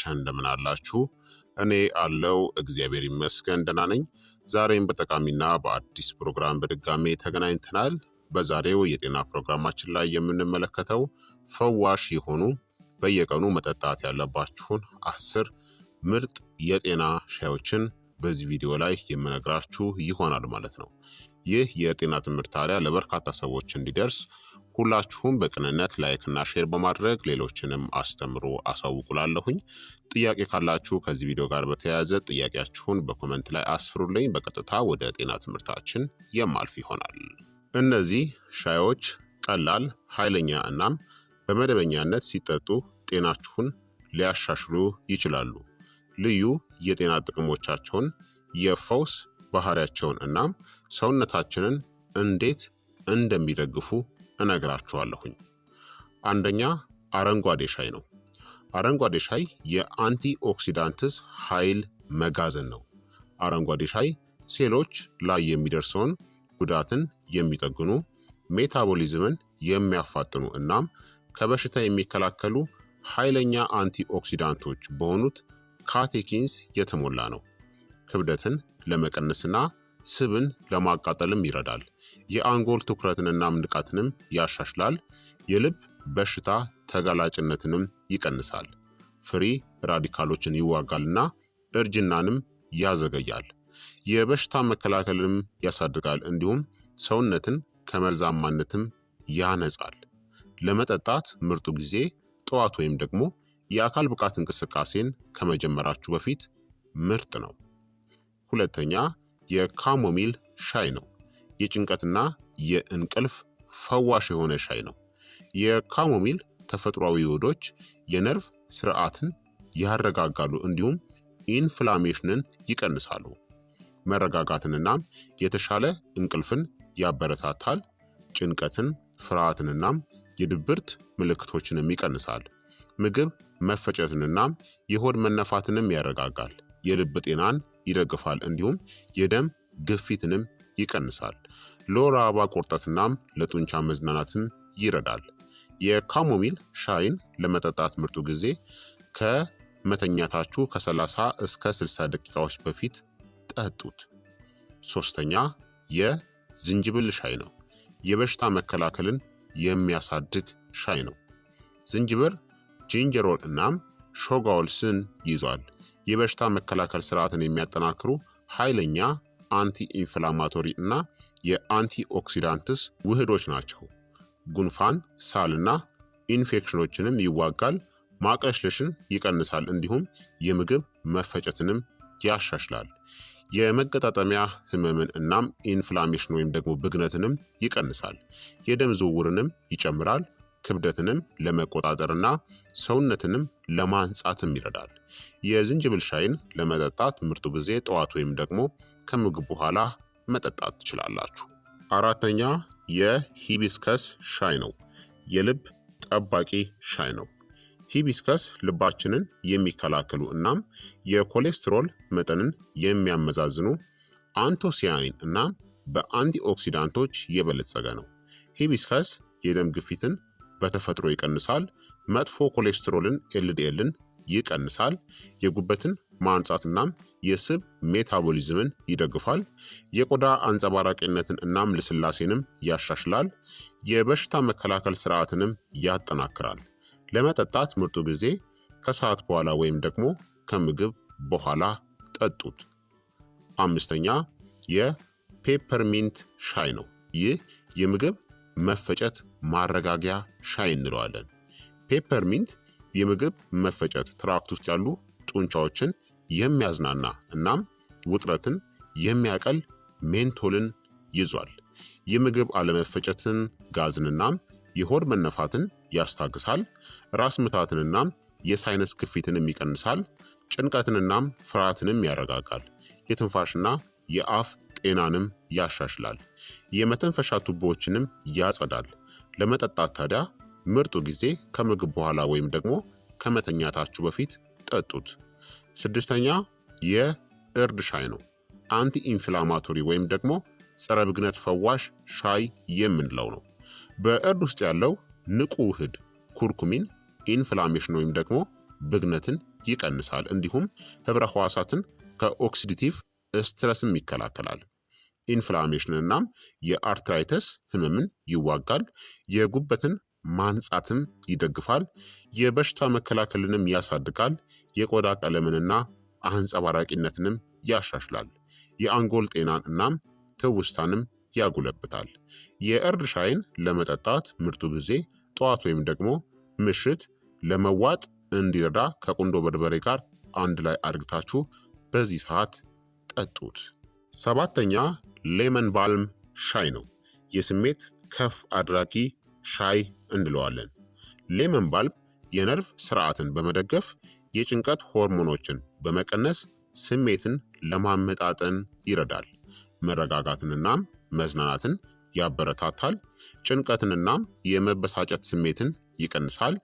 ች እንደምን አላችሁ? እኔ አለው እግዚአብሔር ይመስገን ደህና ነኝ። ዛሬም በጠቃሚና በአዲስ ፕሮግራም በድጋሜ ተገናኝተናል። በዛሬው የጤና ፕሮግራማችን ላይ የምንመለከተው ፈዋሽ የሆኑ በየቀኑ መጠጣት ያለባችሁን አስር ምርጥ የጤና ሻዮችን በዚህ ቪዲዮ ላይ የምነግራችሁ ይሆናል ማለት ነው። ይህ የጤና ትምህርት ታዲያ ለበርካታ ሰዎች እንዲደርስ ሁላችሁም በቅንነት ላይክና ሼር በማድረግ ሌሎችንም አስተምሮ አሳውቁላለሁኝ። ጥያቄ ካላችሁ ከዚህ ቪዲዮ ጋር በተያያዘ ጥያቄያችሁን በኮመንት ላይ አስፍሩልኝ። በቀጥታ ወደ ጤና ትምህርታችን የማልፍ ይሆናል። እነዚህ ሻዮች ቀላል፣ ኃይለኛ እናም በመደበኛነት ሲጠጡ ጤናችሁን ሊያሻሽሉ ይችላሉ። ልዩ የጤና ጥቅሞቻቸውን፣ የፈውስ ባህሪያቸውን እናም ሰውነታችንን እንዴት እንደሚደግፉ እነግራችኋለሁኝ። አንደኛ አረንጓዴ ሻይ ነው። አረንጓዴ ሻይ የአንቲ ኦክሲዳንትስ ኃይል መጋዘን ነው። አረንጓዴ ሻይ ሴሎች ላይ የሚደርሰውን ጉዳትን የሚጠግኑ ሜታቦሊዝምን የሚያፋጥኑ እናም ከበሽታ የሚከላከሉ ኃይለኛ አንቲ ኦክሲዳንቶች በሆኑት ካቴኪንስ የተሞላ ነው። ክብደትን ለመቀነስና ስብን ለማቃጠልም ይረዳል። የአንጎል ትኩረትንና ንቃትንም ያሻሽላል። የልብ በሽታ ተጋላጭነትንም ይቀንሳል። ፍሪ ራዲካሎችን ይዋጋልና እርጅናንም ያዘገያል። የበሽታ መከላከልንም ያሳድጋል። እንዲሁም ሰውነትን ከመርዛማነትም ያነጻል። ለመጠጣት ምርጡ ጊዜ ጠዋት ወይም ደግሞ የአካል ብቃት እንቅስቃሴን ከመጀመራችሁ በፊት ምርጥ ነው። ሁለተኛ የካሞሚል ሻይ ነው። የጭንቀትና የእንቅልፍ ፈዋሽ የሆነ ሻይ ነው። የካሞሚል ተፈጥሯዊ ውህዶች የነርቭ ስርዓትን ያረጋጋሉ፣ እንዲሁም ኢንፍላሜሽንን ይቀንሳሉ። መረጋጋትንናም የተሻለ እንቅልፍን ያበረታታል። ጭንቀትን፣ ፍርሃትንናም የድብርት ምልክቶችንም ይቀንሳል። ምግብ መፈጨትንናም የሆድ መነፋትንም ያረጋጋል። የልብ ጤናን ይደግፋል፣ እንዲሁም የደም ግፊትንም ይቀንሳል። ለወር አበባ ቁርጠትናም ለጡንቻ መዝናናትም ይረዳል። የካሞሚል ሻይን ለመጠጣት ምርጡ ጊዜ ከመተኛታችሁ ከ30 እስከ 60 ደቂቃዎች በፊት ጠጡት። ሶስተኛ የዝንጅብል ሻይ ነው። የበሽታ መከላከልን የሚያሳድግ ሻይ ነው። ዝንጅብል ጂንጀሮል እናም ሾጋውልስን ይዟል። የበሽታ መከላከል ስርዓትን የሚያጠናክሩ ኃይለኛ አንቲ ኢንፍላማቶሪ እና የአንቲ ኦክሲዳንትስ ውህዶች ናቸው። ጉንፋን፣ ሳልና ኢንፌክሽኖችንም ይዋጋል፣ ማቅለሽለሽን ይቀንሳል፣ እንዲሁም የምግብ መፈጨትንም ያሻሽላል። የመገጣጠሚያ ህመምን እናም ኢንፍላሜሽን ወይም ደግሞ ብግነትንም ይቀንሳል። የደም ዝውውርንም ይጨምራል። ክብደትንም ለመቆጣጠርና ሰውነትንም ለማንጻትም ይረዳል። የዝንጅብል ሻይን ለመጠጣት ምርጡ ጊዜ ጠዋት ወይም ደግሞ ከምግብ በኋላ መጠጣት ትችላላችሁ። አራተኛ የሂቢስከስ ሻይ ነው። የልብ ጠባቂ ሻይ ነው። ሂቢስከስ ልባችንን የሚከላከሉ እናም የኮሌስትሮል መጠንን የሚያመዛዝኑ አንቶሲያኒን እና በአንቲኦክሲዳንቶች የበለጸገ ነው። ሂቢስከስ የደም ግፊትን በተፈጥሮ ይቀንሳል። መጥፎ ኮሌስትሮልን ኤልዲኤልን ይቀንሳል። የጉበትን ማንጻት እናም የስብ ሜታቦሊዝምን ይደግፋል። የቆዳ አንጸባራቂነትን እናም ልስላሴንም ያሻሽላል። የበሽታ መከላከል ስርዓትንም ያጠናክራል። ለመጠጣት ምርጡ ጊዜ ከሰዓት በኋላ ወይም ደግሞ ከምግብ በኋላ ጠጡት። አምስተኛ የፔፐርሚንት ሻይ ነው። ይህ የምግብ መፈጨት ማረጋጊያ ሻይ እንለዋለን። ፔፐርሚንት የምግብ መፈጨት ትራክት ውስጥ ያሉ ጡንቻዎችን የሚያዝናና እናም ውጥረትን የሚያቀል ሜንቶልን ይዟል። የምግብ አለመፈጨትን፣ ጋዝንናም የሆድ መነፋትን ያስታግሳል። ራስ ምታትንናም የሳይነስ ክፊትንም ይቀንሳል። ጭንቀትንናም ፍርሃትንም ያረጋጋል። የትንፋሽና የአፍ ጤናንም ያሻሽላል። የመተንፈሻ ቱቦዎችንም ያጸዳል። ለመጠጣት ታዲያ ምርጡ ጊዜ ከምግብ በኋላ ወይም ደግሞ ከመተኛታችሁ በፊት ጠጡት። ስድስተኛ የእርድ ሻይ ነው። አንቲ ኢንፍላማቶሪ ወይም ደግሞ ጸረ ብግነት ፈዋሽ ሻይ የምንለው ነው። በእርድ ውስጥ ያለው ንቁ ውህድ ኩርኩሚን ኢንፍላሜሽን ወይም ደግሞ ብግነትን ይቀንሳል። እንዲሁም ህብረ ህዋሳትን ከኦክሲዲቲቭ ስትረስም ይከላከላል። ኢንፍላሜሽንና የአርትራይተስ ህመምን ይዋጋል። የጉበትን ማንጻትን ይደግፋል። የበሽታ መከላከልንም ያሳድጋል። የቆዳ ቀለምንና አንጸባራቂነትንም ያሻሽላል። የአንጎል ጤናን እናም ትውስታንም ያጉለብታል። የእርድ ሻይን ለመጠጣት ምርጡ ጊዜ ጠዋት ወይም ደግሞ ምሽት ለመዋጥ እንዲረዳ ከቁንዶ በርበሬ ጋር አንድ ላይ አድርግታችሁ በዚህ ሰዓት ጠጡት። ሰባተኛ ሌመን ባልም ሻይ ነው። የስሜት ከፍ አድራጊ ሻይ እንለዋለን። ሌመን ባልም የነርቭ ስርዓትን በመደገፍ የጭንቀት ሆርሞኖችን በመቀነስ ስሜትን ለማመጣጠን ይረዳል። መረጋጋትንናም መዝናናትን ያበረታታል። ጭንቀትንናም የመበሳጨት ስሜትን ይቀንሳል።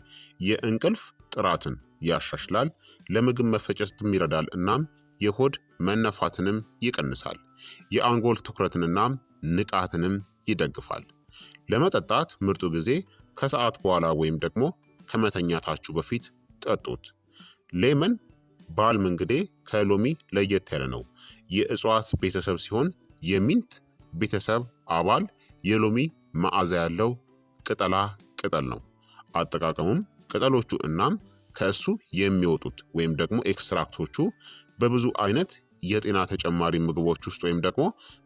የእንቅልፍ ጥራትን ያሻሽላል። ለምግብ መፈጨትም ይረዳል። እናም የሆድ መነፋትንም ይቀንሳል። የአንጎል ትኩረትንና ንቃትንም ይደግፋል። ለመጠጣት ምርጡ ጊዜ ከሰዓት በኋላ ወይም ደግሞ ከመተኛታችሁ በፊት ጠጡት። ሌመን ባልም እንግዲህ ከሎሚ ለየት ያለ ነው። የእጽዋት ቤተሰብ ሲሆን የሚንት ቤተሰብ አባል የሎሚ መዓዛ ያለው ቅጠላ ቅጠል ነው። አጠቃቀሙም ቅጠሎቹ እናም ከእሱ የሚወጡት ወይም ደግሞ ኤክስትራክቶቹ በብዙ አይነት የጤና ተጨማሪ ምግቦች ውስጥ ወይም ደግሞ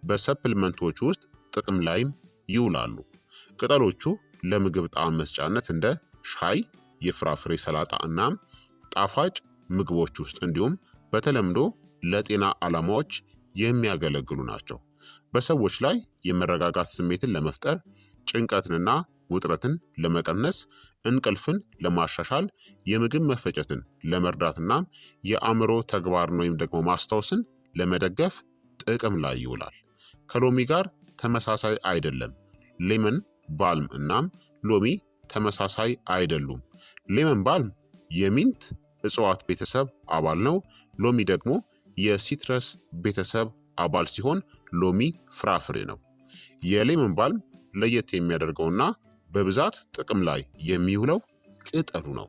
በሰፕልመንቶች ውስጥ ጥቅም ላይም ይውላሉ። ቅጠሎቹ ለምግብ ጣዕም መስጫነት እንደ ሻይ፣ የፍራፍሬ ሰላጣ እናም ጣፋጭ ምግቦች ውስጥ እንዲሁም በተለምዶ ለጤና ዓላማዎች የሚያገለግሉ ናቸው። በሰዎች ላይ የመረጋጋት ስሜትን ለመፍጠር ጭንቀትንና ውጥረትን ለመቀነስ፣ እንቅልፍን ለማሻሻል፣ የምግብ መፈጨትን ለመርዳትና የአእምሮ ተግባርን ወይም ደግሞ ማስታወስን ለመደገፍ ጥቅም ላይ ይውላል። ከሎሚ ጋር ተመሳሳይ አይደለም። ሌመን ባልም እናም ሎሚ ተመሳሳይ አይደሉም። ሌመን ባልም የሚንት እጽዋት ቤተሰብ አባል ነው። ሎሚ ደግሞ የሲትረስ ቤተሰብ አባል ሲሆን ሎሚ ፍራፍሬ ነው። የሌመን ባልም ለየት የሚያደርገውና በብዛት ጥቅም ላይ የሚውለው ቅጠሉ ነው።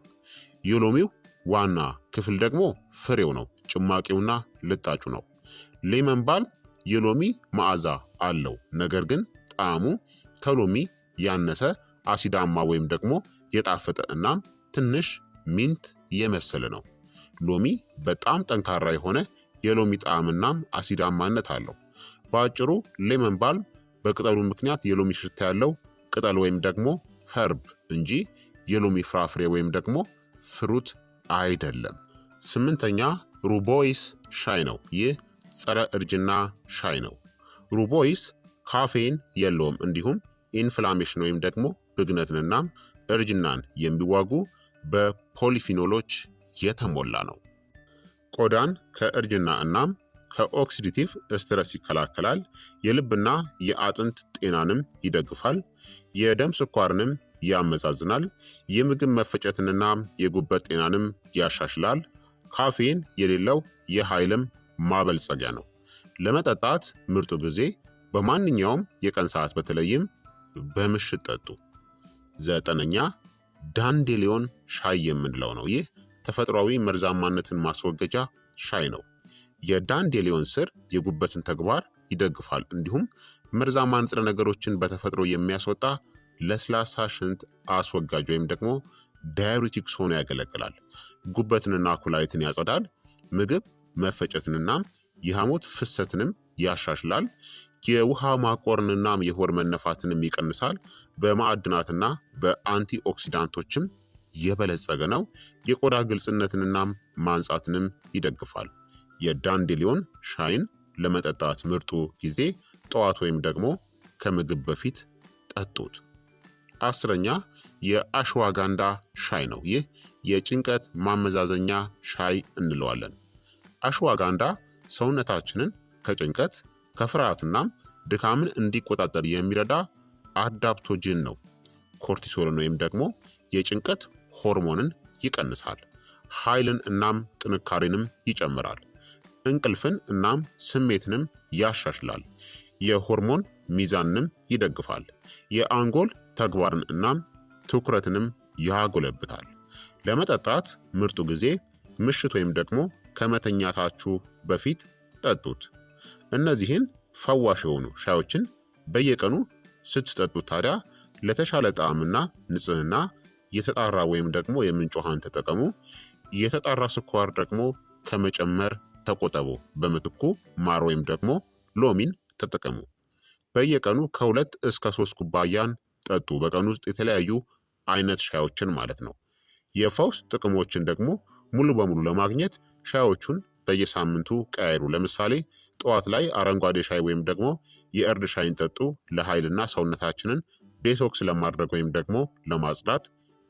የሎሚው ዋና ክፍል ደግሞ ፍሬው ነው፣ ጭማቂውና ልጣጩ ነው። ሌመን ባልም የሎሚ መዓዛ አለው፣ ነገር ግን ጣዕሙ ከሎሚ ያነሰ አሲዳማ ወይም ደግሞ የጣፈጠ እናም ትንሽ ሚንት የመሰለ ነው። ሎሚ በጣም ጠንካራ የሆነ የሎሚ ጣዕምናም አሲዳማነት አለው። በአጭሩ ሌመን ባልም በቅጠሉ ምክንያት የሎሚ ሽታ ያለው ቅጠል ወይም ደግሞ ኸርብ እንጂ የሎሚ ፍራፍሬ ወይም ደግሞ ፍሩት አይደለም። ስምንተኛ ሩቦይስ ሻይ ነው። ይህ ጸረ እርጅና ሻይ ነው። ሩቦይስ ካፌን የለውም። እንዲሁም ኢንፍላሜሽን ወይም ደግሞ ብግነትንናም እርጅናን የሚዋጉ በፖሊፊኖሎች የተሞላ ነው። ቆዳን ከእርጅና እናም ከኦክሲዲቲቭ ስትረስ ይከላከላል። የልብና የአጥንት ጤናንም ይደግፋል። የደም ስኳርንም ያመዛዝናል። የምግብ መፈጨትንና የጉበት ጤናንም ያሻሽላል። ካፌን የሌለው የኃይልም ማበልጸጊያ ነው። ለመጠጣት ምርጡ ጊዜ በማንኛውም የቀን ሰዓት በተለይም በምሽት ጠጡ። ዘጠነኛ ዳንዴሊዮን ሻይ የምንለው ነው። ይህ ተፈጥሯዊ መርዛማነትን ማስወገጃ ሻይ ነው። የዳንዴሊዮን ስር የጉበትን ተግባር ይደግፋል። እንዲሁም መርዛማ ንጥረ ነገሮችን በተፈጥሮ የሚያስወጣ ለስላሳ ሽንት አስወጋጅ ወይም ደግሞ ዳዩሪቲክስ ሆኖ ያገለግላል። ጉበትንና ኩላሊትን ያጸዳል። ምግብ መፈጨትንና የሐሞት ፍሰትንም ያሻሽላል። የውሃ ማቆርንና የሆድ መነፋትንም ይቀንሳል። በማዕድናትና በአንቲ ኦክሲዳንቶችም የበለጸገ ነው። የቆዳ ግልጽነትንና ማንጻትንም ይደግፋል። የዳንዴሊዮን ሻይን ለመጠጣት ምርጡ ጊዜ ጠዋት ወይም ደግሞ ከምግብ በፊት ጠጡት። አስረኛ የአሽዋጋንዳ ሻይ ነው። ይህ የጭንቀት ማመዛዘኛ ሻይ እንለዋለን። አሽዋጋንዳ ሰውነታችንን ከጭንቀት ከፍርሃትናም ድካምን እንዲቆጣጠር የሚረዳ አዳፕቶጂን ነው። ኮርቲሶልን ወይም ደግሞ የጭንቀት ሆርሞንን ይቀንሳል። ኃይልን እናም ጥንካሬንም ይጨምራል። እንቅልፍን እናም ስሜትንም ያሻሽላል። የሆርሞን ሚዛንንም ይደግፋል። የአንጎል ተግባርን እናም ትኩረትንም ያጎለብታል። ለመጠጣት ምርጡ ጊዜ ምሽት ወይም ደግሞ ከመተኛታችሁ በፊት ጠጡት። እነዚህን ፈዋሽ የሆኑ ሻዮችን በየቀኑ ስትጠጡት ታዲያ ለተሻለ ጣዕምና ንጽህና የተጣራ ወይም ደግሞ የምንጭ ውሃን ተጠቀሙ። የተጣራ ስኳር ደግሞ ከመጨመር ተቆጠቡ። በምትኩ ማር ወይም ደግሞ ሎሚን ተጠቀሙ። በየቀኑ ከሁለት እስከ ሶስት ኩባያን ጠጡ። በቀን ውስጥ የተለያዩ አይነት ሻዮችን ማለት ነው። የፈውስ ጥቅሞችን ደግሞ ሙሉ በሙሉ ለማግኘት ሻዮቹን በየሳምንቱ ቀያይሩ። ለምሳሌ ጠዋት ላይ አረንጓዴ ሻይ ወይም ደግሞ የእርድ ሻይን ጠጡ። ለኃይልና ሰውነታችንን ዴቶክስ ለማድረግ ወይም ደግሞ ለማጽዳት።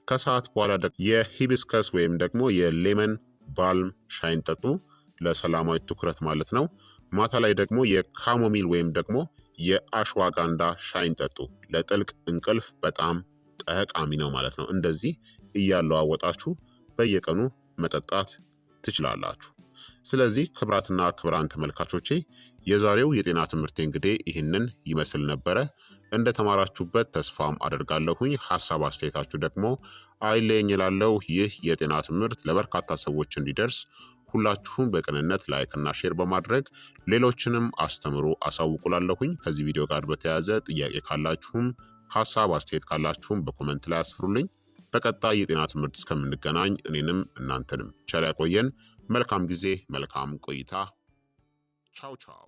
ከሰዓት በኋላ የሂቢስከስ ወይም ደግሞ የሌመን ባልም ሻይን ጠጡ። ለሰላማዊ ትኩረት ማለት ነው። ማታ ላይ ደግሞ የካሞሚል ወይም ደግሞ የአሽዋጋንዳ ሻይን ጠጡ። ለጥልቅ እንቅልፍ በጣም ጠቃሚ ነው ማለት ነው። እንደዚህ እያለዋወጣችሁ በየቀኑ መጠጣት ትችላላችሁ። ስለዚህ ክብራትና ክብራን ተመልካቾቼ የዛሬው የጤና ትምህርት እንግዲህ ይህንን ይመስል ነበረ። እንደተማራችሁበት ተስፋም አደርጋለሁኝ። ሀሳብ አስተያየታችሁ ደግሞ አይለየኝ እላለሁ። ይህ የጤና ትምህርት ለበርካታ ሰዎች እንዲደርስ ሁላችሁም በቅንነት ላይክና ሼር በማድረግ ሌሎችንም አስተምሩ አሳውቁላለሁኝ። ከዚህ ቪዲዮ ጋር በተያያዘ ጥያቄ ካላችሁም ሀሳብ አስተያየት ካላችሁም በኮመንት ላይ አስፍሩልኝ። በቀጣይ የጤና ትምህርት እስከምንገናኝ እኔንም እናንተንም ቸር ያቆየን። መልካም ጊዜ፣ መልካም ቆይታ። ቻው ቻው